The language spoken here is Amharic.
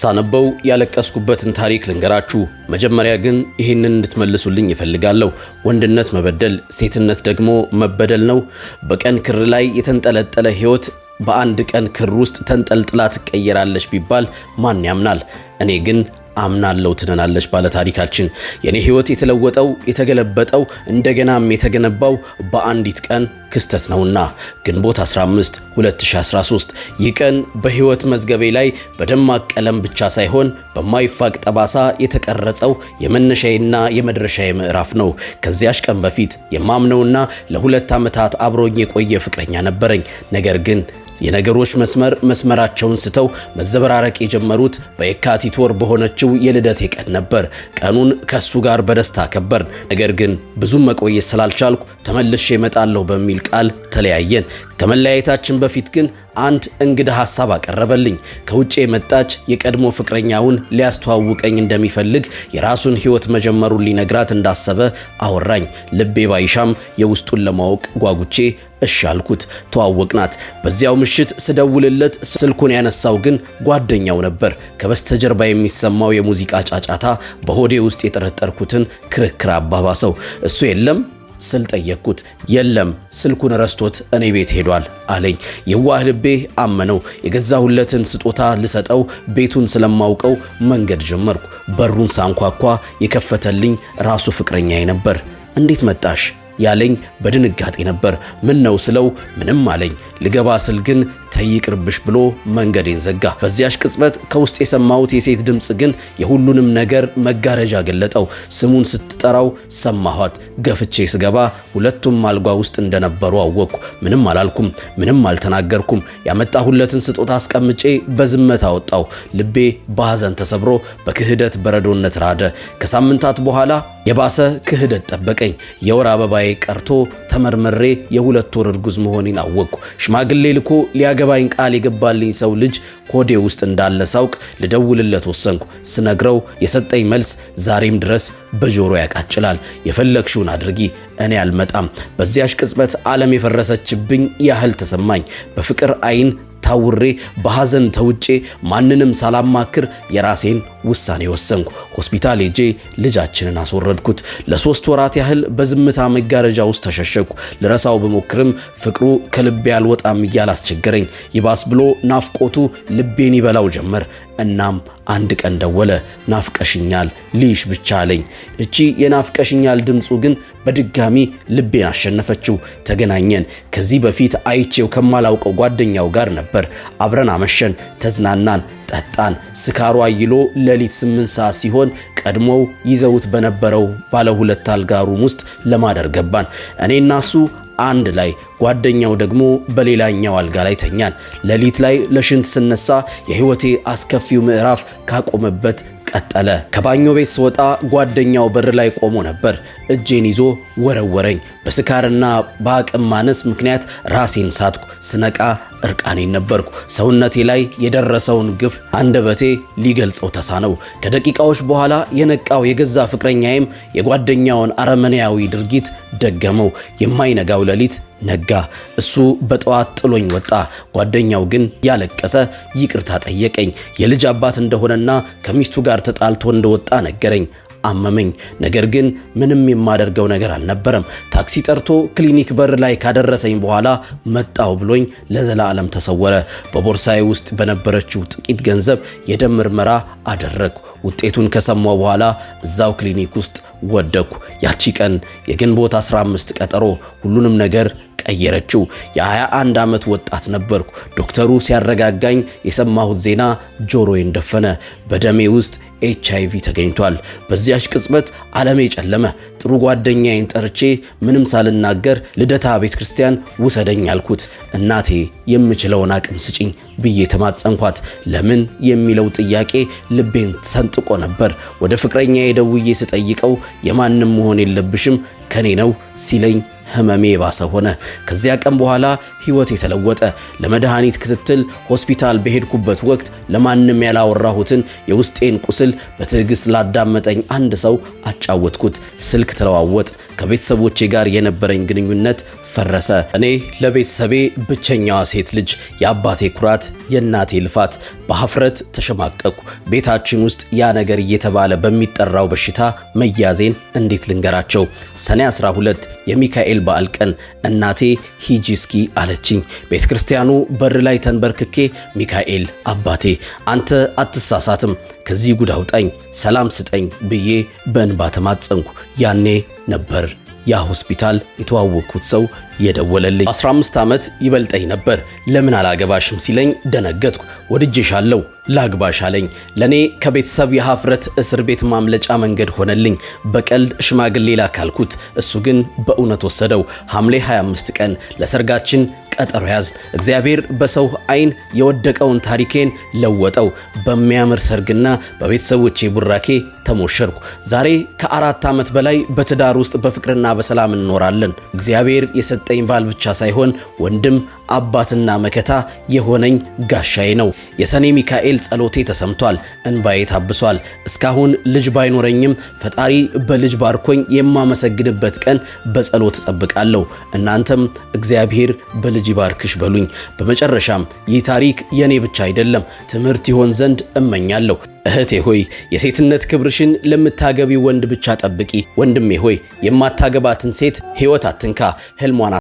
ሳነበው ያለቀስኩበትን ታሪክ ልንገራችሁ። መጀመሪያ ግን ይህንን እንድትመልሱልኝ ይፈልጋለሁ። ወንድነት መበደል፣ ሴትነት ደግሞ መበደል ነው? በቀን ክር ላይ የተንጠለጠለ ሕይወት በአንድ ቀን ክር ውስጥ ተንጠልጥላ ትቀየራለች ቢባል ማን ያምናል? እኔ ግን አምናለው ትነናለች ባለታሪካችን። የኔ ህይወት የተለወጠው የተገለበጠው እንደገናም የተገነባው በአንዲት ቀን ክስተት ነውና ግንቦት 15 2013። ይህ ቀን በህይወት መዝገቤ ላይ በደማቅ ቀለም ብቻ ሳይሆን በማይፋቅ ጠባሳ የተቀረጸው የመነሻዬና የመድረሻዬ ምዕራፍ ነው። ከዚያች ቀን በፊት የማምነውና ለሁለት ዓመታት አብሮኝ የቆየ ፍቅረኛ ነበረኝ። ነገር ግን የነገሮች መስመር መስመራቸውን ስተው መዘበራረቅ የጀመሩት በየካቲት ወር በሆነችው የልደቴ ቀን ነበር። ቀኑን ከሱ ጋር በደስታ ከበር ነገር ግን ብዙም መቆየት ስላልቻልኩ ተመልሼ እመጣለሁ በሚል ቃል ተለያየን። ከመለያየታችን በፊት ግን አንድ እንግዳ ሀሳብ አቀረበልኝ። ከውጭ የመጣች የቀድሞ ፍቅረኛውን ሊያስተዋውቀኝ እንደሚፈልግ የራሱን ሕይወት መጀመሩን ሊነግራት እንዳሰበ አወራኝ። ልቤ ባይሻም የውስጡን ለማወቅ ጓጉቼ እሻልኩት ተዋወቅናት። በዚያው ምሽት ስደውልለት ስልኩን ያነሳው ግን ጓደኛው ነበር። ከበስተጀርባ የሚሰማው የሙዚቃ ጫጫታ በሆዴ ውስጥ የጠረጠርኩትን ክርክር አባባሰው። እሱ የለም ስል ጠየቅኩት። የለም ስልኩን ረስቶት እኔ ቤት ሄዷል አለኝ። የዋህ ልቤ አመነው። የገዛሁለትን ስጦታ ልሰጠው ቤቱን ስለማውቀው መንገድ ጀመርኩ። በሩን ሳንኳኳ የከፈተልኝ ራሱ ፍቅረኛዬ ነበር። እንዴት መጣሽ ያለኝ በድንጋጤ ነበር። ምን ነው ስለው ምንም አለኝ። ልገባ ስል ግን ተይ ብሎ መንገዴን ዘጋ። በዚያች ቅጽበት ከውስጥ የሰማሁት የሴት ድምፅ ግን የሁሉንም ነገር መጋረጃ ገለጠው። ስሙን ስትጠራው ሰማኋት። ገፍቼ ስገባ ሁለቱም አልጓ ውስጥ እንደነበሩ አወቅኩ። ምንም አላልኩም፣ ምንም አልተናገርኩም። ያመጣሁለትን ስጦታ አስቀምጬ በዝመት አወጣው። ልቤ በሐዘን ተሰብሮ በክህደት በረዶነት ራደ። ከሳምንታት በኋላ የባሰ ክህደት ጠበቀኝ። የወር አበባዬ ቀርቶ ተመርምሬ የሁለት ወር እርጉዝ መሆኔን አወቅኩ። ሽማግሌ ልኮ ሊያገባኝ ቃል የገባልኝ ሰው ልጅ ሆዴ ውስጥ እንዳለ ሳውቅ ልደውልለት ወሰንኩ። ስነግረው የሰጠኝ መልስ ዛሬም ድረስ በጆሮ ያቃጭላል። የፈለግሽውን አድርጊ፣ እኔ አልመጣም። በዚያሽ ቅጽበት ዓለም የፈረሰችብኝ ያህል ተሰማኝ። በፍቅር አይን ታውሬ በሐዘን ተውጬ ማንንም ሳላማክር የራሴን ውሳኔ ወሰንኩ። ሆስፒታል ሄጄ ልጃችንን አስወረድኩት። ለሶስት ወራት ያህል በዝምታ መጋረጃ ውስጥ ተሸሸኩ። ልረሳው ብሞክርም ፍቅሩ ከልቤ አልወጣም እያል አስቸገረኝ። ይባስ ብሎ ናፍቆቱ ልቤን ይበላው ጀመር። እናም አንድ ቀን ደወለ። ናፍቀሽኛል ልይሽ ብቻ አለኝ። እቺ የናፍቀሽኛል ድምፁ ግን በድጋሚ ልቤን አሸነፈችው። ተገናኘን። ከዚህ በፊት አይቼው ከማላውቀው ጓደኛው ጋር ነበር። አብረን አመሸን፣ ተዝናናን። ጠጣን። ስካሩ አይሎ ሌሊት ስምንት ሰዓት ሲሆን ቀድሞው ይዘውት በነበረው ባለ ሁለት አልጋ ሩም ውስጥ ለማደር ገባን። እኔና እሱ አንድ ላይ ጓደኛው ደግሞ በሌላኛው አልጋ ላይ ተኛን። ሌሊት ላይ ለሽንት ስነሳ የህይወቴ አስከፊው ምዕራፍ ካቆመበት ቀጠለ። ከባኞ ቤት ስወጣ ጓደኛው በር ላይ ቆሞ ነበር። እጄን ይዞ ወረወረኝ። በስካርና በአቅም ማነስ ምክንያት ራሴን ሳትኩ። ስነቃ እርቃኔን ነበርኩ። ሰውነቴ ላይ የደረሰውን ግፍ አንደበቴ ሊገልጸው ተሳነው። ከደቂቃዎች በኋላ የነቃው የገዛ ፍቅረኛዬም የጓደኛውን አረመኔያዊ ድርጊት ደገመው። የማይነጋው ሌሊት ነጋ። እሱ በጠዋት ጥሎኝ ወጣ። ጓደኛው ግን ያለቀሰ ይቅርታ ጠየቀኝ። የልጅ አባት እንደሆነና ከሚስቱ ጋር ተጣልቶ እንደወጣ ነገረኝ። አመመኝ። ነገር ግን ምንም የማደርገው ነገር አልነበረም። ታክሲ ጠርቶ ክሊኒክ በር ላይ ካደረሰኝ በኋላ መጣው ብሎኝ ለዘላለም ተሰወረ። በቦርሳዬ ውስጥ በነበረችው ጥቂት ገንዘብ የደም ምርመራ አደረግኩ። ውጤቱን ከሰማው በኋላ እዛው ክሊኒክ ውስጥ ወደኩ። ያቺ ቀን የግንቦት 15 ቀጠሮ ሁሉንም ነገር ቀየረችው። የ21 ዓመት ወጣት ነበርኩ። ዶክተሩ ሲያረጋጋኝ የሰማሁት ዜና ጆሮዬን ደፈነ። በደሜ ውስጥ ኤች አይቪ ተገኝቷል። በዚያች ቅጽበት ዓለም የጨለመ። ጥሩ ጓደኛዬን ጠርቼ ምንም ሳልናገር ልደታ ቤተ ክርስቲያን ውሰደኝ አልኩት። እናቴ የምችለውን አቅም ስጪኝ ብዬ ተማጸንኳት። ለምን የሚለው ጥያቄ ልቤን ሰንጥቆ ነበር። ወደ ፍቅረኛ የደውዬ ስጠይቀው የማንም መሆን የለብሽም ከኔ ነው ሲለኝ ህመሜ ባሰ ሆነ። ከዚያ ቀን በኋላ ህይወት የተለወጠ ለመድኃኒት ክትትል ሆስፒታል በሄድኩበት ወቅት ለማንም ያላወራሁትን የውስጤን ቁስል በትዕግስት ላዳመጠኝ አንድ ሰው አጫወትኩት። ስልክ ተለዋወጥ። ከቤተሰቦቼ ጋር የነበረኝ ግንኙነት ፈረሰ። እኔ ለቤተሰቤ ብቸኛዋ ሴት ልጅ፣ የአባቴ ኩራት፣ የእናቴ ልፋት። በሀፍረት ተሸማቀኩ። ቤታችን ውስጥ ያ ነገር እየተባለ በሚጠራው በሽታ መያዜን እንዴት ልንገራቸው? ሰኔ 12 የሚካኤል በዓል ቀን እናቴ ሂጂ እስኪ አለችኝ። ቤተ ክርስቲያኑ በር ላይ ተንበርክኬ ሚካኤል አባቴ አንተ አትሳሳትም፣ ከዚህ ጉድ አውጣኝ፣ ሰላም ስጠኝ ብዬ በእንባ ተማጸንኩ። ያኔ ነበር ያ ሆስፒታል የተዋወቅኩት ሰው የደወለልኝ። 15 ዓመት ይበልጠኝ ነበር። ለምን አላገባሽም ሲለኝ ደነገጥኩ። ወድጄሻለሁ ላግባሽ አለኝ። ለኔ ከቤተሰብ የሀፍረት እስር ቤት ማምለጫ መንገድ ሆነልኝ። በቀልድ ሽማግሌ ላካልኩት፣ እሱ ግን በእውነት ወሰደው። ሐምሌ 25 ቀን ለሰርጋችን ቀጠሮ ያዝ። እግዚአብሔር በሰው አይን የወደቀውን ታሪኬን ለወጠው። በሚያምር ሰርግና በቤተሰቦቼ ቡራኬ ተሞሸርኩ። ዛሬ ከአራት ዓመት በላይ በትዳር ውስጥ በፍቅርና በሰላም እንኖራለን። እግዚአብሔር የሰጠኝ ባል ብቻ ሳይሆን ወንድም አባትና መከታ የሆነኝ ጋሻዬ ነው። የሰኔ ሚካኤል ጸሎቴ ተሰምቷል፣ እንባዬ ታብሷል። እስካሁን ልጅ ባይኖረኝም ፈጣሪ በልጅ ባርኮኝ የማመሰግንበት ቀን በጸሎት እጠብቃለሁ። እናንተም እግዚአብሔር በልጅ ይባርክሽ በሉኝ። በመጨረሻም ይህ ታሪክ የኔ ብቻ አይደለም፣ ትምህርት ይሆን ዘንድ እመኛለሁ። እህቴ ሆይ የሴትነት ክብርሽን ለምታገቢ ወንድ ብቻ ጠብቂ። ወንድሜ ሆይ የማታገባትን ሴት ሕይወት አትንካ፣ ህልሟን